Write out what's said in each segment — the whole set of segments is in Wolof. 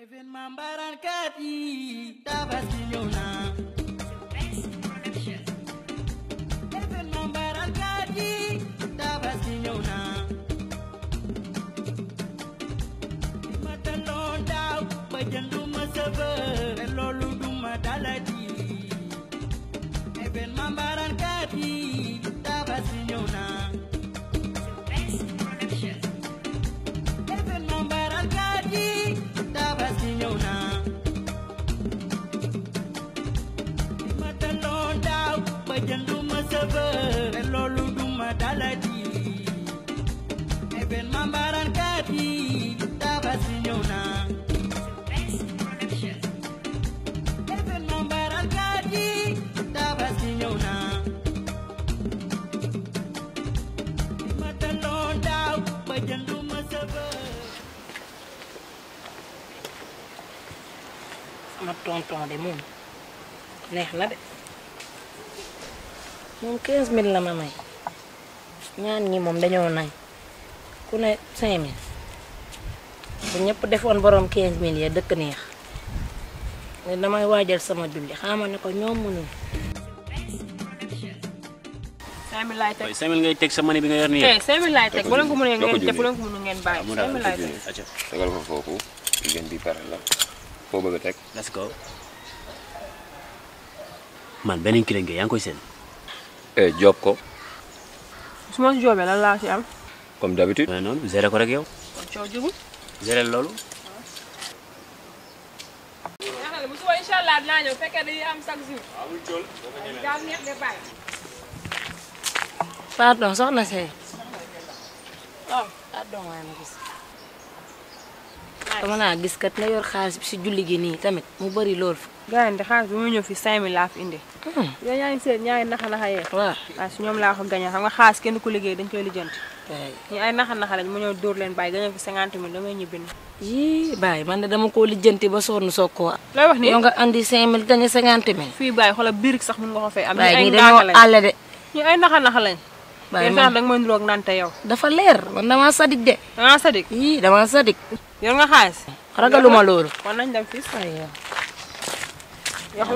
Even mambaran kati tabas minyona ma tonton de moom neex na de moom 15000 la ma ñaan ñi moom dañoo nañ ku ne 5000 bu ñëpp defoon borom 15000 ya dëkk neex ne damay sama julli xaama ne ko ñoom mënul. 5000 laay teg 5000 ngay teg sa mani bi nga yor nii. 5000 laay teg bu ko ngeen def ko ngeen 5000 tegal foo bëgg a teg. let's go. man beneen kilo nga yaa ngi koy joob eh, ko. su ma joobee lan laa ci am. comme d'habitude. mais ko rek yow. kon loolu. pardon soxna Seye. Oh, waaw dama naa gis kat nga yor xaalis bi si julli gi nii tamit mu bari lool. gaynde xaalis bi mu ñëw fi 5000 laa fi indi. Hmm. yow yaa ngi seet ñaari naxa naxa yee. ko liggéey dañ koy lijjanti. ñu ay naxa naxa lañ mu ñëw dóor leen bàyyi gañe fi 50 000 damay man koo lijjanti ba sonn soog koo. looy wax ni yow nga andi 5000 gañe 50 000. fii bàyyi xoolal biir sax mun nga ko fay am. ñu ay ñu ay naxa man de da nga may dafa leer man damaa sadik de. damaa sadik yii damaa sadik yor nga xaalis. ragaluma loolu. kon nañ dem fii sa yow.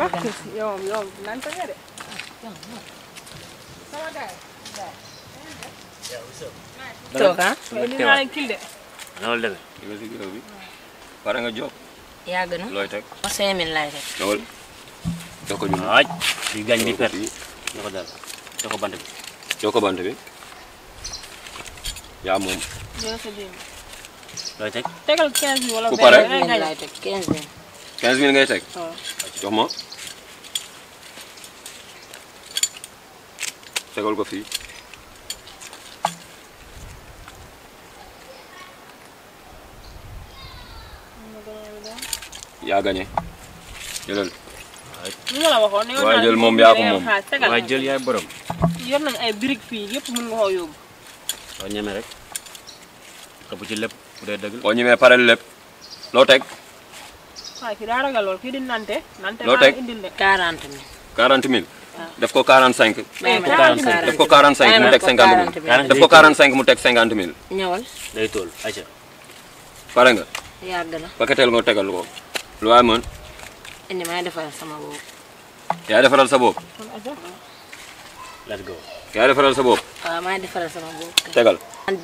la yow yow naan sa nga de. sama gars yi. toog ah. li kil de. loolu dëgg. li ma si gërëm bi. pare nga looy teg. ma cinq mille teg. ñëwal. jox ko ñu waaj. di gañ di perte. jox ko daal jox bant bi. yaa moom. looy tegal 15 wala ku pare 15 000 ngay teg jox ma tegal ko fii yaa gagné jëlal lu ma la waxoon yoon waaye jël moom yaa ko moom waaye jël yaay borom yor nañ ay mën nga rek ci bu dee dëgg boo ñemee pare lépp loo teg. waaw ki daa ragal lool kii di nante. nante def ko 45. mais ko 45 def ko 45 mu teg 50 000. def ko 45 mu teg 50 000. ñëwal. day tool ayca. pare nga. yàgg na paquetel nga tegal lu waay mën. indi maa defaral sama bopp. yaa let's go. yaa defaral sa bopp waaw eh, tegal.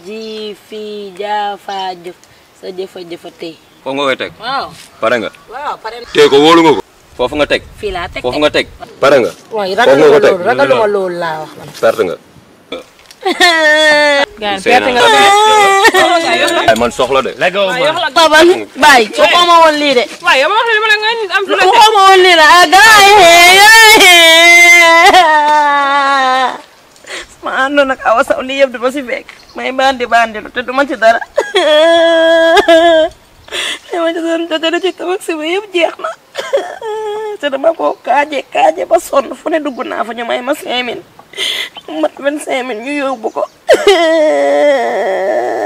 ji fii jaafaa jëf sa jëfa jëfa tey. foofu nga koy teg. waaw pare nga. waaw pare nga. tey ko wóolu nga ko. foofu nga teg. fii laa teg foofu nga teg. pare nga. waaw ragaluma loolu ragaluma loolu laa wax. perte nga. ay man ya, soxla de. ma àndoon ak Awa Sow lii yëpp duma si fekk may bandi bandi lu te duma ci dara li ma ci doon dogale ci tabax si na te dama koo kaaje kaaje ba sonn fu ne dugg naa fa ñu may ma cinq mat vingt cinq ñu yóbbu ko